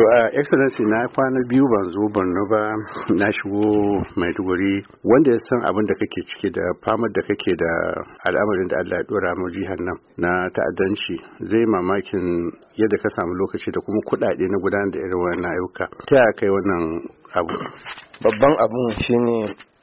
To a uh, excellency na kwana biyu ban zo Borno ba na shigo Maiduguri wanda ya san abin da kake ciki da famar da kake da al'amarin da Allah ya dora mu jihar nan na ta'addanci zai mamakin yadda ka samu lokaci da kuma kuɗaɗe na gudanar da irin wannan ayyuka ta ya kai wannan abu babban abun shine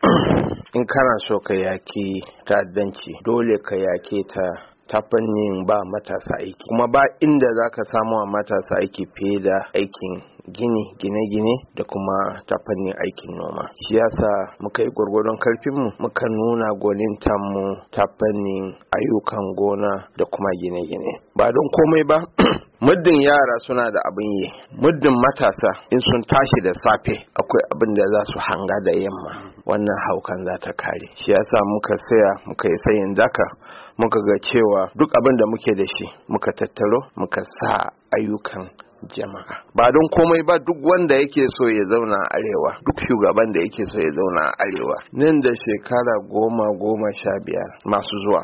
in kana so ka yaki ta'addanci dole ka yake ta ta fannin ba matasa aiki kuma ba inda za ka samu matasa aiki fiye da aikin gini gine-gine da kuma ta aikin noma shi yasa muka yi gwargwadon karfinmu muka nuna gwanintanmu ta fannin ayyukan gona da kuma gine-gine ba don komai ba muddin yara suna da abin yi muddin matasa in sun tashi da safe akwai abin da za su hanga da yamma wannan haukan za ta kare shi yasa muka saya muka yi sayin daka muka ga cewa duk abin da muke da shi muka tattaro muka sa ayyukan jama'a ba don komai ba duk wanda yake so ya zauna a arewa duk shugaban da yake so ya zauna a arewa nan da shekara goma goma sha biyar masu zuwa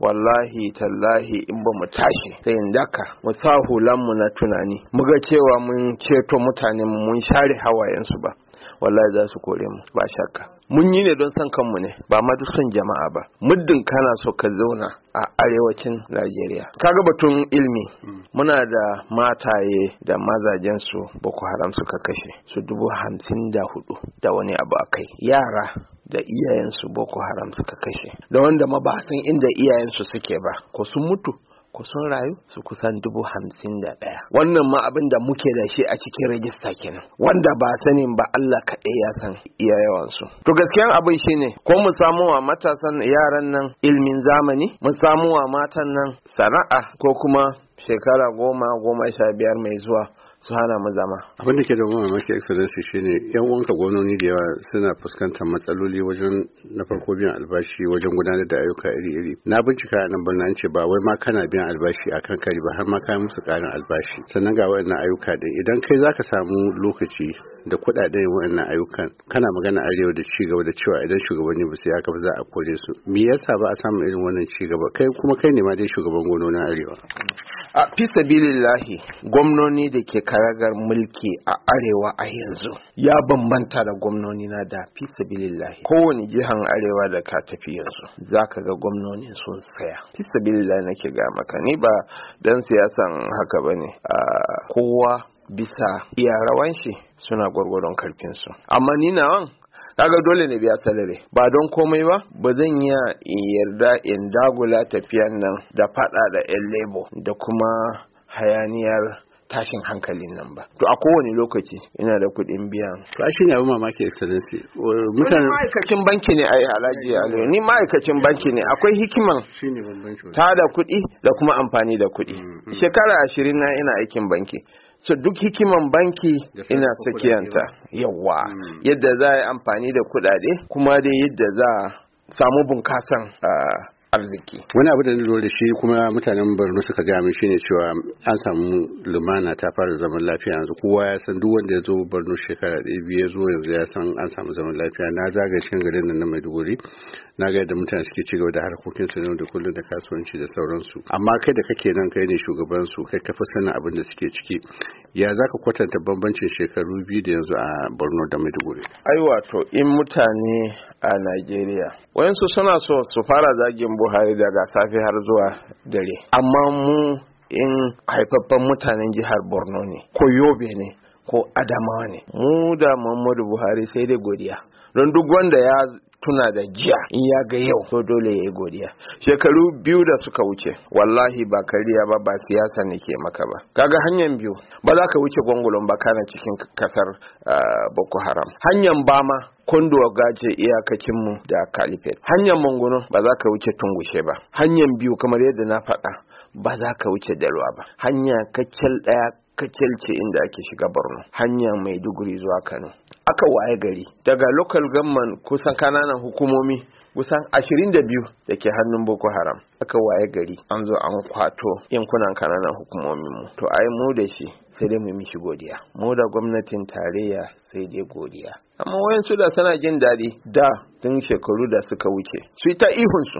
wallahi tallahi in ba mu tashi sai in daka mu sa hulanmu na tunani muga cewa mun ceto mutane mun share hawayensu ba wallahi za su kore mu ba shakka mun yi ne don san kanmu ne ba ma duk son jama'a ba muddin kana so ka zauna a arewacin Najeriya kaga batun ilmi hmm. muna da mataye da mazajen su Boko Haram suka kashe su dubu hamsin da hudu da wani abu a kai. yara da iyayensu Boko Haram suka kashe da wanda ma ba san inda iyayensu suke ba ko sun mutu Kusun sun rayu su kusan dubu hamsin da ɗaya wannan ma abin da muke da shi a cikin rajista kenan wanda ba sanin ba Allah kaɗai ya san iya su to gaskiyan abin shi ne, ko mu samu wa matasan yaran nan ilmin zamani mu samu wa matan nan sana'a ko kuma shekara goma goma sha biyar mai zuwa su hana mu zama abin da ke da mamaki excellency shine yan uwanka gwamnoni da yawa suna fuskantar matsaloli wajen na farko biyan albashi wajen gudanar da ayyuka iri-iri na bincika a nan birnin ce ba wai ma kana biyan albashi a kan kari ba har ma kayan musu karin albashi sannan ga waɗannan ayyuka din idan kai zaka samu lokaci da kuɗaɗen waɗannan ayyukan kana magana arewa da ci gaba da cewa idan shugabanni ba su ya ba za a kore su me yasa ba a samu irin wannan ci gaba kai kuma kai ne ma dai shugaban na arewa a fisa gwamnoni da ke karagar mulki a arewa a yanzu ya bambanta da gwamnoni na da fisa sabilillahi kowane jihan arewa da ka tafi yanzu zaka ga gwamnoni sun saya fisa billahi nake ga maka ni ba dan siyasan haka bane kowa bisa iya shi suna gwargwadon karfinsu amma ni nawan kaga dole ne biya salare ba don komai ba ba zan iya in yarda in dagula tafiyan nan da fada da yan lebo da kuma hayaniyar tashin hankalin nan ba to a kowane lokaci ina da kuɗin biya ba shi ne abin mamaki excellency mutane ma'aikacin banki ne a alhaji aliyu ni ma'aikacin banki ne akwai hikiman ta da kuɗi da kuma amfani da kuɗi mm, mm. shekara ashirin na ina aikin banki so duk hikiman banki ina sakiyanta yawa mm. yadda za a yi amfani da kuɗaɗe kuma dai yadda za a samu bunkasan ah, arziki wani abu da na lura da shi kuma mutanen barno suka gaya min shine cewa an samu lumana ta fara zaman lafiya yanzu kowa ya san duk wanda ya zo barno shekara ɗaya biyu ya zo yanzu ya san an samu zaman lafiya na zaga cikin garin nan na maiduguri na ga yadda mutane suke cigaba da harkokin su da kullum da kasuwanci da sauransu amma kai da kake nan kai ne shugaban su kai kafa sanin abin da suke ciki ya zaka kwatanta bambancin shekaru biyu da yanzu a borno da maiduguri ai wato in mutane a najeriya wayansu suna so su fara zagin buhari daga safe har zuwa dare amma mu in haifaffen mutanen jihar borno ne ko yobe ne ko adamawa ne mu da muhammadu buhari sai dai godiya don duk wanda ya tuna da jiya in ya ga yau to dole ya yi godiya shekaru biyu da suka wuce wallahi ba kariya ba ba siyasa ne ke maka ba kaga hanyar biyu ba za ka wuce gwangulon ba kana cikin kasar ah, boko haram hanyar bama kondo gaje iyakacinmu da kalifet hanyar mangono ba za ka wuce tungushe ba hanyar biyu kamar yadda na faɗa ba za ka wuce dalwa ba hanya kacal ɗaya kacal ce inda ake shiga borno hanya maiduguri zuwa kano aka waye gari daga local government kusan kananan hukumomi kusan ashirin da biyu ke hannun Boko Haram. Aka waye gari an zo an kwato yankunan kananan mu. To ai mu da shi sai dai mu mishi godiya. Mu da gwamnatin tarayya sai dai godiya. Amma wayansu da suna jin daɗi da tun shekaru da suka wuce. Su yi ta ihunsu.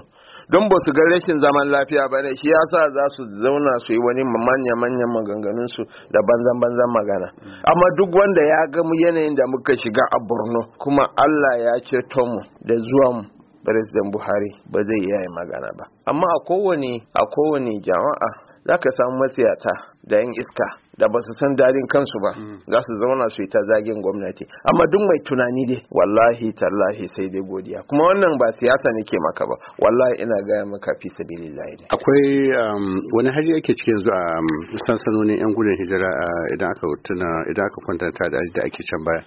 Don ba su ga rashin zaman lafiya ba ne shi yasa sa za su zauna su yi wani manya-manyan su da banzan-banzan magana. Amma duk wanda ya ga gamu yanayin da muka shiga a Borno kuma Allah ya ceto mu da zuwa mu President Buhari ba zai iya magana ba. Amma kowane a kowane jama'a za ka samu matsiyata da yan iska da ba su san daɗin kansu ba mm. za su zauna su yi ta zagin gwamnati amma duk mai tunani dai wallahi tallahi sai dai godiya kuma wannan ba siyasa ne ke maka ba wallahi ina gaya maka fi sabilillahi akwai um, wani har yake cikin yanzu a um, sansanonin yan gudun hijira idan aka tuna idan aka kwantanta da da ake can baya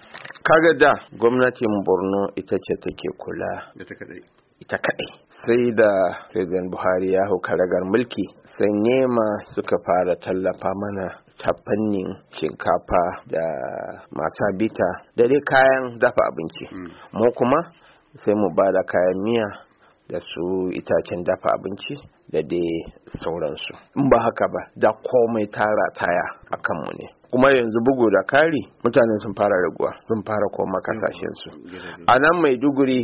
kaga da gwamnatin Borno ita ce take kula da ita kaɗai. Sai da rizan Buhari ya hau karagar mulki, sanye ma suka fara tallafa mana ta fannin shinkafa da masa bita da dai kayan dafa abinci. Hmm. Mu kuma sai mu ba da kayan miya da su itacen dafa abinci da dai sauransu. In ba haka ba, da komai tara taya a kanmu ne. kuma yanzu bugu da kari mutane sun fara raguwa sun fara koma hmm. kasashensu a nan maiduguri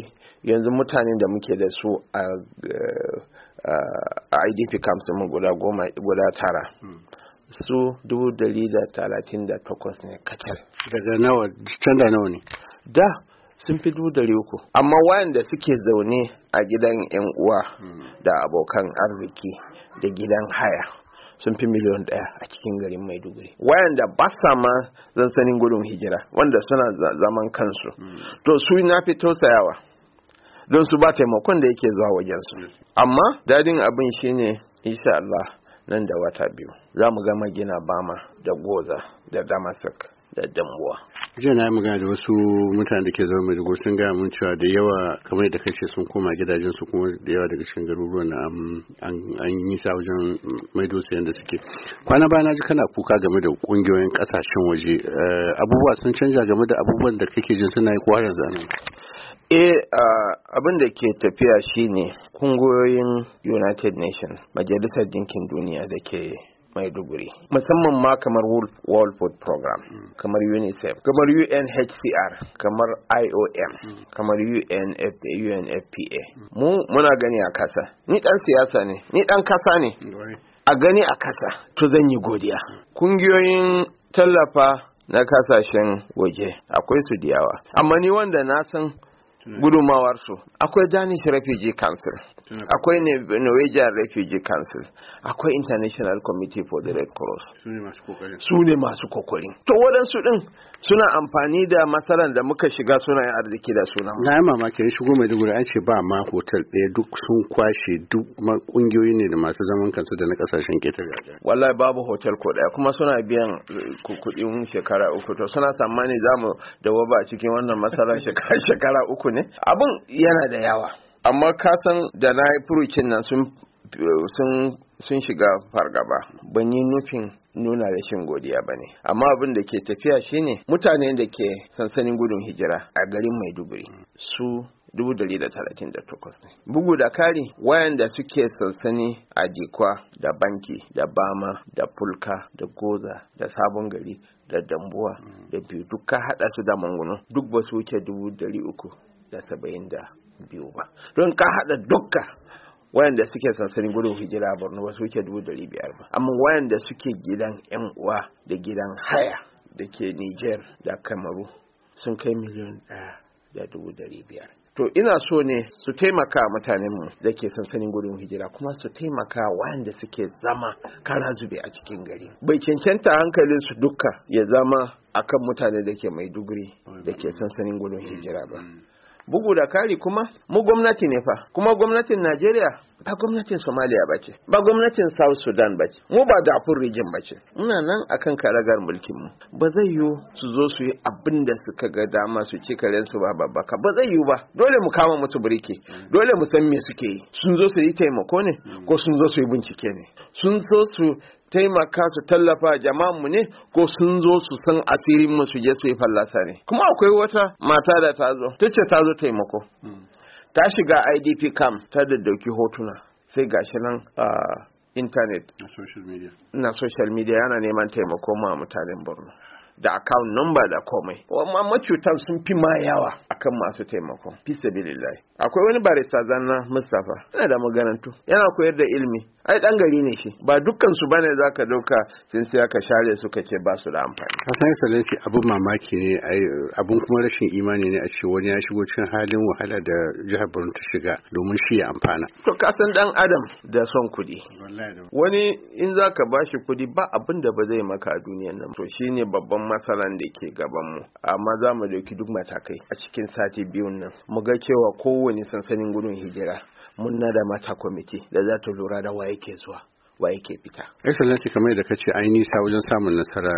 yanzu mutane da muke da su a eh, idp camps mu guda tara hmm. su dubu dari da talatin da takwas ne kacal daga nawa can nawa ne da sun fi dubu dari uku amma wayanda suke zaune a gidan yan uwa hmm. da abokan arziki da gidan haya sun fi miliyon daya a cikin garin maiduguri wayanda ba sa ma sanin gudun hijira wanda suna zaman kansu hmm. to su na fi tausayawa don su ba taimakon da yake zuwa su amma dadin abin shine insha Allah nan da wata biyu za mu gama gina bama da goza da damasak da damuwa. jiya na yi magana da wasu mutane da ke zama mai sun gaya mun cewa da yawa kamar da kace sun koma gidajensu kuma da yawa daga cikin garuruwan na an yi sa wajen maido su yadda suke kwana baya na ji kana kuka game da kungiyoyin kasashen waje eh, abubuwa sun canja game da abubuwan da kake jin suna yi ko har yanzu eh abin da ke tafiya shine kungiyoyin united nations majalisar jinkin duniya da ke maiduguri musamman ma kamar world food program kamar unicef kamar unhcr kamar iom kamar unfpa mu muna gani a kasa ni dan siyasa ne ni dan kasa ne a gani a kasa to zan yi godiya kungiyoyin tallafa na kasashen waje akwai su diyawa amma ni wanda na san su akwai danish refugee council akwai norwegian refugee council akwai international committee for the red cross su ne masu kokorin to waɗansu ɗin suna amfani da matsalan da muka shiga suna yin arziki da suna na yi ne shigo mai an ce ba ma hotel ɗaya duk sun kwashe duk ƙungiyoyi ne da masu zaman kansu da na ƙasashen ƙetare wallahi babu hotel ko ɗaya kuma suna biyan kuɗin shekara uku to suna tsammani za mu dawo cikin wannan matsalan shekara uku ne abin yana da yawa amma ka san da na yi furucin nan sun shiga fargaba ban yi nufin nuna rashin godiya ba ne amma abin da ke tafiya shine mutane da ke sansanin gudun hijira a garin maiduguri su 138 bugu da kari wayanda suke sansani a jikwa da banki da bama da fulka da goza da sabon gari da dambuwa da biyu duka haɗa su da mangunan duk ba su wuce 300 shiga saba'in da biyu ba don ka haɗa dukka wayanda suke sansanin gudun hijira a borno ba suke dubu dari biyar ba amma wayanda suke gidan yan uwa da gidan haya da ke niger da kamaru sun kai miliyan ɗaya da dubu dari biyar to ina so ne su taimaka mutanenmu da ke sansanin gudun hijira kuma su taimaka wayanda suke zama kara zube a cikin gari bai cancanta hankalin su dukka ya zama akan mutane da ke maiduguri da ke sansanin gudun hijira ba mm. bugu da kari kuma mu gwamnati ne fa kuma gwamnatin najeriya ba gwamnatin Somalia ba ce ba gwamnatin south sudan ba ce mu ba da rijin ba ce muna nan akan karagar mulkin mu ba zai yiwu su zo su yi abin da suka ga dama su ci karen su ba babbaka ba zai yiwu ba dole mu kama musu birki dole mu san me suke yi sun zo su yi taimako ne ko sun zo su yi bincike ne sun zo su taimaka su tallafa jama'an mu ne ko sun zo su san asirin mu su je su yi fallasa ne kuma akwai wata mata da ta zo ta ce ta zo taimako hmm. ta shiga idp cam. ta daddauki hotuna sai gashi nan a na social media yana neman taimako ma mutanen borno da account number da komai amma macutan sun fi ma yawa akan masu taimako. fi sabilillahi akwai wani barista zanna Mustapha yana da magarantu yana koyar da ilimi ai dan gari ne shi ba dukkan su bane zaka dauka sun sai ka share su kace ba su da amfani Hassan Salansi abu mamaki ne ai abun kuma rashin imani ne a ce wani ya shigo cikin halin wahala da jihar Borno ta shiga domin shi ya amfana to ka san dan adam da son kudi wani in zaka bashi kudi ba abin da ba zai maka a duniyar nan to shine babban Matsalan da ke gabanmu amma za mu dauki duk matakai a cikin sati biyun nan mu ga cewa kowane sansanin gudun hijira mun na da mata kwamiti da za ta lura da waye ke zuwa waye ke fita excellency kamar da kace ai nisa wajen samun nasara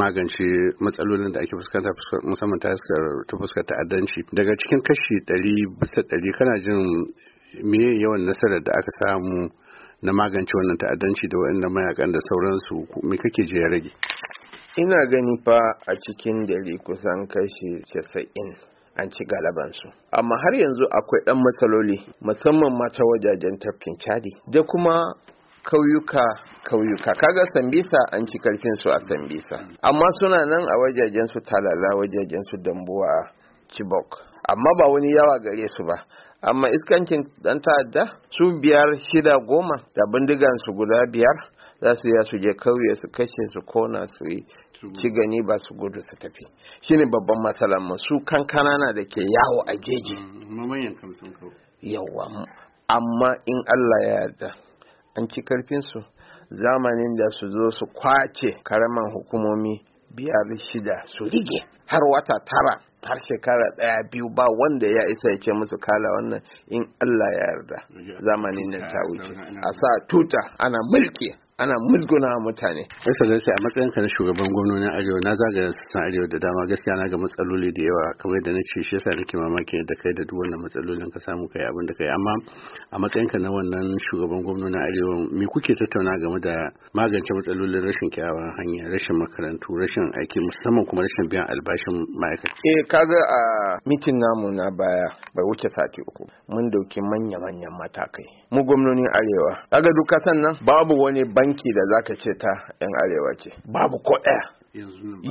magance matsalolin da ake fuskanta musamman ta fuskar ta'addanci daga cikin kashi ɗari bisa ɗari kana jin me yawan nasarar da aka samu na magance wannan ta'addanci da waɗannan mayakan da sauransu me kake je ya rage ina gani fa a cikin dare kusan kashi casa'in an ci galabansu amma har yanzu akwai ɗan matsaloli musamman mata wajajen tafkin cadi da kuma kauyuka kauyuka kaga sambisa an ci karfin su a sambisa amma suna nan a wajajen su talala wajajen su dambuwa chibok amma ba wani yawa gare su ba amma iskancin dan ta'adda su biyar shida goma da bindigansu guda biyar za su ya su je kauye su kashe su kona su yi ci gani ba su gudu su tafi shine babban matsalar mu su kankana na da ke yawo a jeji mm, yawa amma in Allah ya yarda an ci karfin su zamanin da su zo su kwace karaman hukumomi biyar shida su rige har wata tara har shekara daya biyu ba wanda ya isa ya ce musu kala wannan in Allah ya yarda zamanin da ta wuce a sa tuta ana mulki ana musguna mutane. Excellency a matsayin ka na shugaban gwamnonin Arewa na zagaya sassan Arewa da dama gaskiya na ga matsaloli da yawa kamar da na ce shi yasa nake mamaki da kai da duk wannan matsalolin ka samu kai abin da kai amma a ka na wannan shugaban gwamnonin Arewa me kuke tattauna game da magance matsalolin rashin kyawawan hanya rashin makarantu rashin aiki musamman kuma rashin biyan albashin ma'aikata. Eh kaga a mitin namu na baya bai wuce sati uku mun dauki manya-manyan matakai mu gwamnonin Arewa kaga duk kasan nan babu wani banki da zaka ce ta yan arewa ce babu ko ɗaya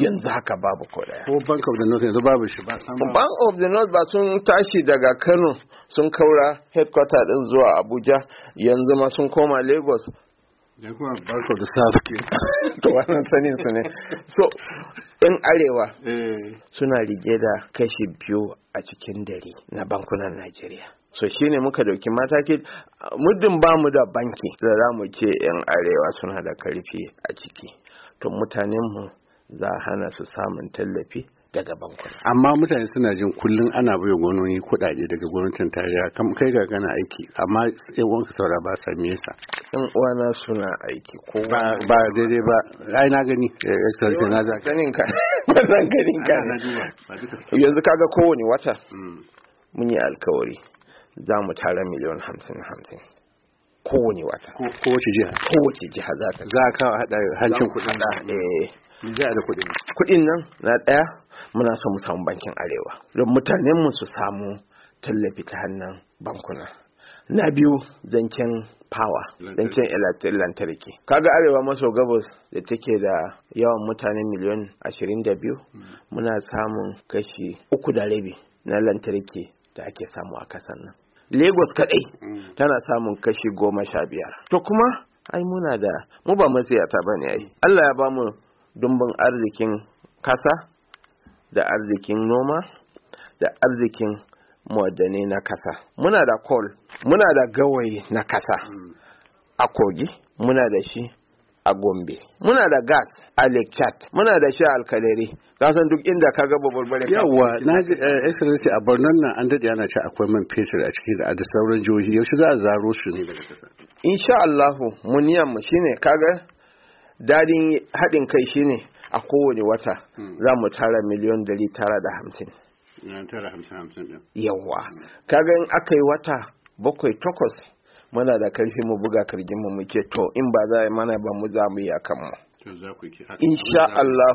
yanzu haka babu ko daya ko bank of the north yanzu babu shi ba bank of the north ba sun tashi daga kano sun kaura headquarter din zuwa abuja yanzu ma sun koma lagos bank of the south to wannan sanin su ne so yan arewa eh. suna rige da kashi biyu a cikin dare na bankunan najeriya so shi ne muka dauki mataki muddin ba mu da banki da za mu ce yan arewa suna da karfi a ciki to mutanenmu za hana su samun tallafi daga banku Amma mutane suna jin kullum ana bai gwamnoni kuɗaɗe daga gwamnatin tarayya kam kai ga gana aiki amma sai wanka saura ba sa me yasa. Yan uwana suna aiki ko ba ba daidai ba ai na gani eh, excellency na za ganin ka ganin ka yanzu kaga kowane wata mm. mun yi alkawari za mu tara miliyan hamsin hamsin kowane wata kowace jiha kowace jiha za ta za ka hada hancin kudin da eh za da kudin kudin nan na daya muna so mu samu bankin arewa don mutanen mu su samu tallafi ta hannun bankuna na biyu zancen power zancen lantarki kaga arewa maso gabas da take da yawan mutane miliyan 22 mm. muna samun kashi uku da rabi na lantarki da ake samu a kasan nan lagos kadai mm. tana samun kashi goma sha biyar to kuma ai muna da mu ba matsayata ba ne ai allah ya ba mu dumbin arzikin kasa da arzikin noma da arzikin muwaddane na kasa muna da kol muna da gawayi na kasa mm. a kogi muna da shi a Gombe. Muna da gas a Lake Chat, muna da shi alkalere, kasan duk inda ka gaba babbar Yawwa, na ji eh, excellency a birnin nan an daɗe ana ce akwai man fetur a ciki da da sauran jihohi, yaushe za a zaro su ne daga kasa. Insha Allahu, muniyan mu shine kaga dadin haɗin kai shine a kowane wata hmm. za mu tara miliyon ɗari tara da hamsin Yawwa, kaga in aka yi wata bakwai takwas muna da karfi mu buga kargin mu muke to in ba za a yi mana ba mu za mu yi akan mu insha Allah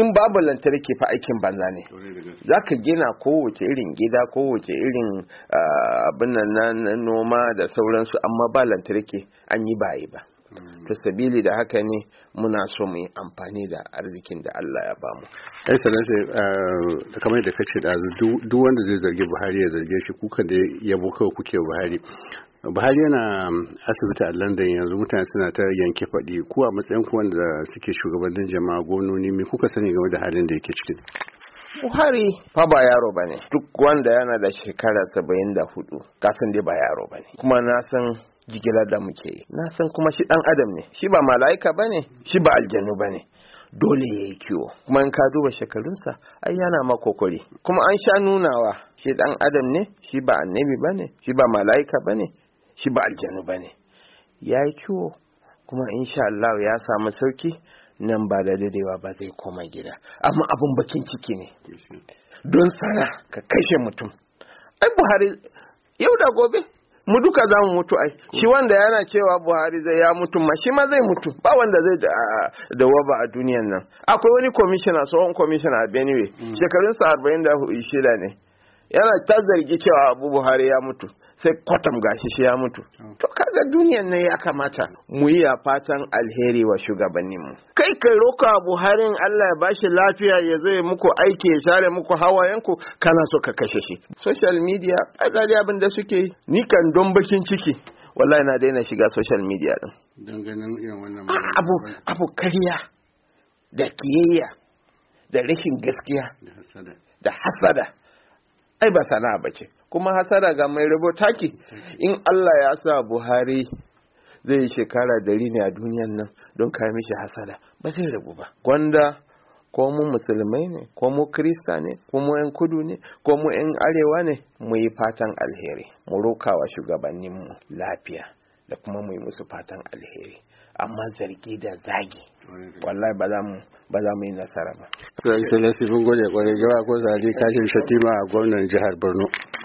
in babu lantarki fa aikin banza ne za ka gina kowace irin gida kowace irin abin nan na noma da sauransu amma ba lantarki an yi yi ba hmm. to sabili da haka ne muna so mu yi amfani da arzikin da Allah ya bamu. Ai sanan sai kamar da kace da duk wanda zai zargi Buhari ya zarge shi kuka da yabo kawai kuke Buhari buhari yana asibiti a london yanzu mutane suna ta yanke faɗi ko a matsayin ku wanda suke shugabannin jama'a gononi me kuka sani game da halin da yake ciki buhari fa ba yaro ba ne duk wanda yana da shekara saba'in da hudu kasan dai ba yaro ba ne kuma na san jigilar da muke yi na san kuma shi dan adam ne shi ba mala'ika ba ne shi ba aljanu ba ne dole ya yi kiwo kuma in ka duba shekarunsa ai yana makokori kuma an sha nunawa shi dan adam ne shi ba annabi ba ne shi ba mala'ika ba ne shi ba aljanu ba ne ya yi ciwo kuma insha Allah ya samu sauki nan ba da dadewa ba zai koma gida amma abin bakin ciki ne don sana ka kashe mutum ai buhari yau da gobe mu duka za mu mutu ai shi wanda yana cewa buhari zai ya mutu ma shi ma zai mutu ba wanda zai da waba a duniyan nan akwai wani commissioner tsohon commissioner a benue mm. shekarunsa arba'in da shida ne yana ta zargi cewa abu buhari ya mutu sai kwatam gashi shi ya mutu to kaga duniyan ne ya kamata mu yi fatan alheri wa shugabannin mu kai kai roka buharin Allah ya bashi lafiya ya zai muku aiki ya share muku hawayenku kana so ka kashe shi social media kaga abin da suke ni kan don bakin ciki wallahi na daina shiga social media din abu abu kariya da kiyayya da rashin gaskiya da hasada ai ba sana'a bace kuma hasara ga mai rabo taki in Allah ya sa Buhari zai yi shekara dari ne a duniyan nan don kai mishi hasara, ba zai rabu ba gwanda ko mu musulmai ne ko mu krista ne ko mu yan kudu ne ko mu yan arewa ne mu yi fatan alheri mu wa shugabanninmu lafiya da kuma mu yi musu fatan alheri amma zargi da zagi wallahi ba za mu ba za mu yi nasara ba. Your na sifin gode kwarai gaba ko zari kashin shatima a gwamnan jihar Borno.